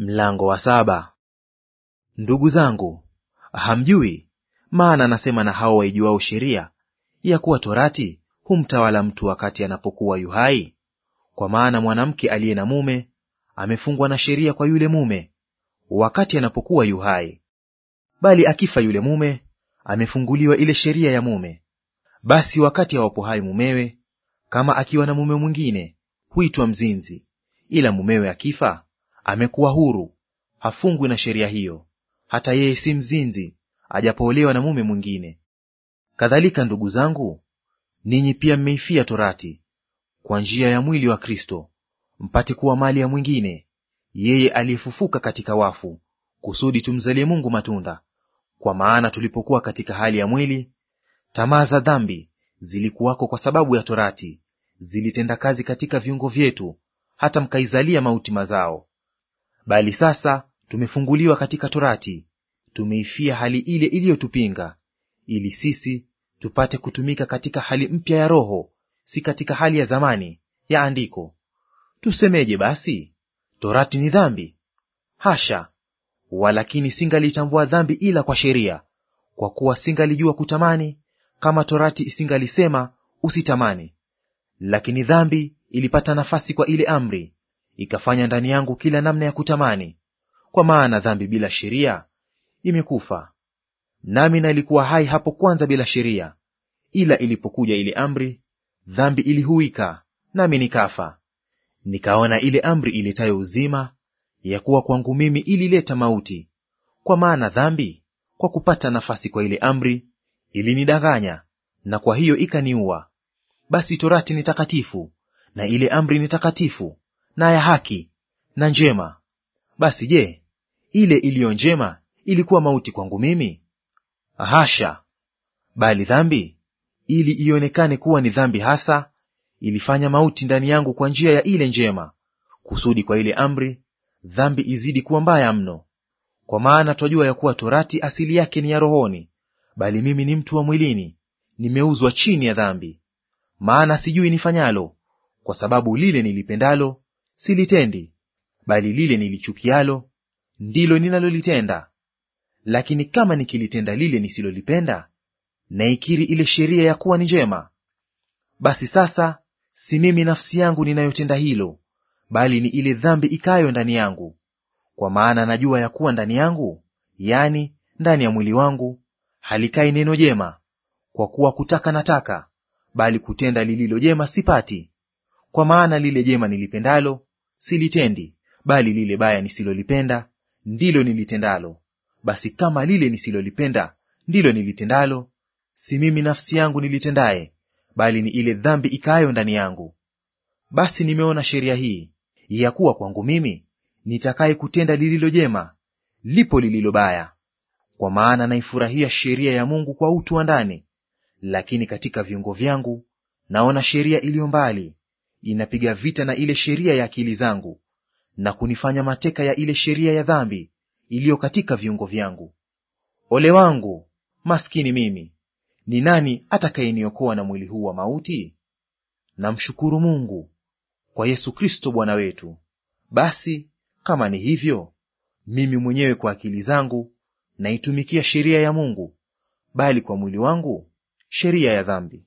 Mlango wa saba. Ndugu zangu, hamjui maana nasema na hao waijuao sheria ya kuwa torati humtawala mtu wakati anapokuwa yuhai. Kwa maana mwanamke aliye na mume amefungwa na sheria kwa yule mume wakati anapokuwa yuhai, bali akifa yule mume amefunguliwa ile sheria ya mume. Basi wakati awapo hai mumewe, kama akiwa na mume mwingine, huitwa mzinzi; ila mumewe akifa amekuwa huru, hafungwi na sheria hiyo. Hata yeye si mzinzi, ajapoolewa na mume mwingine. Kadhalika ndugu zangu, ninyi pia mmeifia torati kwa njia ya mwili wa Kristo, mpate kuwa mali ya mwingine, yeye aliyefufuka katika wafu, kusudi tumzalie Mungu matunda. Kwa maana tulipokuwa katika hali ya mwili, tamaa za dhambi zilikuwako kwa sababu ya torati, zilitenda kazi katika viungo vyetu, hata mkaizalia mauti mazao. Bali sasa tumefunguliwa katika torati, tumeifia hali ile iliyotupinga, ili sisi tupate kutumika katika hali mpya ya roho, si katika hali ya zamani ya andiko. Tusemeje basi? Torati ni dhambi? Hasha! Walakini singalitambua dhambi ila kwa sheria, kwa kuwa singalijua kutamani, kama torati isingalisema usitamani. Lakini dhambi ilipata nafasi kwa ile amri, ikafanya ndani yangu kila namna ya kutamani, kwa maana dhambi bila sheria imekufa. Nami nalikuwa hai hapo kwanza bila sheria, ila ilipokuja ile amri, dhambi ilihuika, nami nikafa. Nikaona ile amri iletayo uzima ya kuwa kwangu mimi ilileta mauti, kwa maana dhambi kwa kupata nafasi kwa ile amri ilinidanganya, na kwa hiyo ikaniua. Basi torati ni takatifu na ile amri ni takatifu, na ya haki na njema. Basi je, ile iliyo njema ilikuwa mauti kwangu mimi? Hasha! Bali dhambi, ili ionekane kuwa ni dhambi hasa, ilifanya mauti ndani yangu kwa njia ya ile njema, kusudi kwa ile amri dhambi izidi kuwa mbaya mno. Kwa maana twajua ya kuwa torati asili yake ni ya rohoni, bali mimi ni mtu wa mwilini, nimeuzwa chini ya dhambi. Maana sijui nifanyalo, kwa sababu lile nilipendalo silitendi, bali lile nilichukialo ndilo ninalolitenda. Lakini kama nikilitenda lile nisilolipenda, naikiri ile sheria ya kuwa ni njema. Basi sasa si mimi nafsi yangu ninayotenda hilo, bali ni ile dhambi ikayo ndani yangu. Kwa maana najua ya kuwa ndani yangu, yaani ndani ya mwili wangu, halikai neno jema. Kwa kuwa kutaka nataka, bali kutenda lililo jema sipati. Kwa maana lile jema nilipendalo silitendi, bali lile baya nisilolipenda ndilo nilitendalo. Basi kama lile nisilolipenda ndilo nilitendalo, si mimi nafsi yangu nilitendaye, bali ni ile dhambi ikaayo ndani yangu. Basi nimeona sheria hii ya kuwa kwangu mimi nitakaye kutenda lililo jema, lipo lililo baya. Kwa maana naifurahia sheria ya Mungu kwa utu wa ndani, lakini katika viungo vyangu naona sheria iliyo mbali, inapiga vita na ile sheria ya akili zangu na kunifanya mateka ya ile sheria ya dhambi iliyo katika viungo vyangu. Ole wangu maskini mimi! Ni nani atakayeniokoa na mwili huu wa mauti? Namshukuru Mungu kwa Yesu Kristo Bwana wetu. Basi kama ni hivyo, mimi mwenyewe kwa akili zangu naitumikia sheria ya Mungu, bali kwa mwili wangu sheria ya dhambi.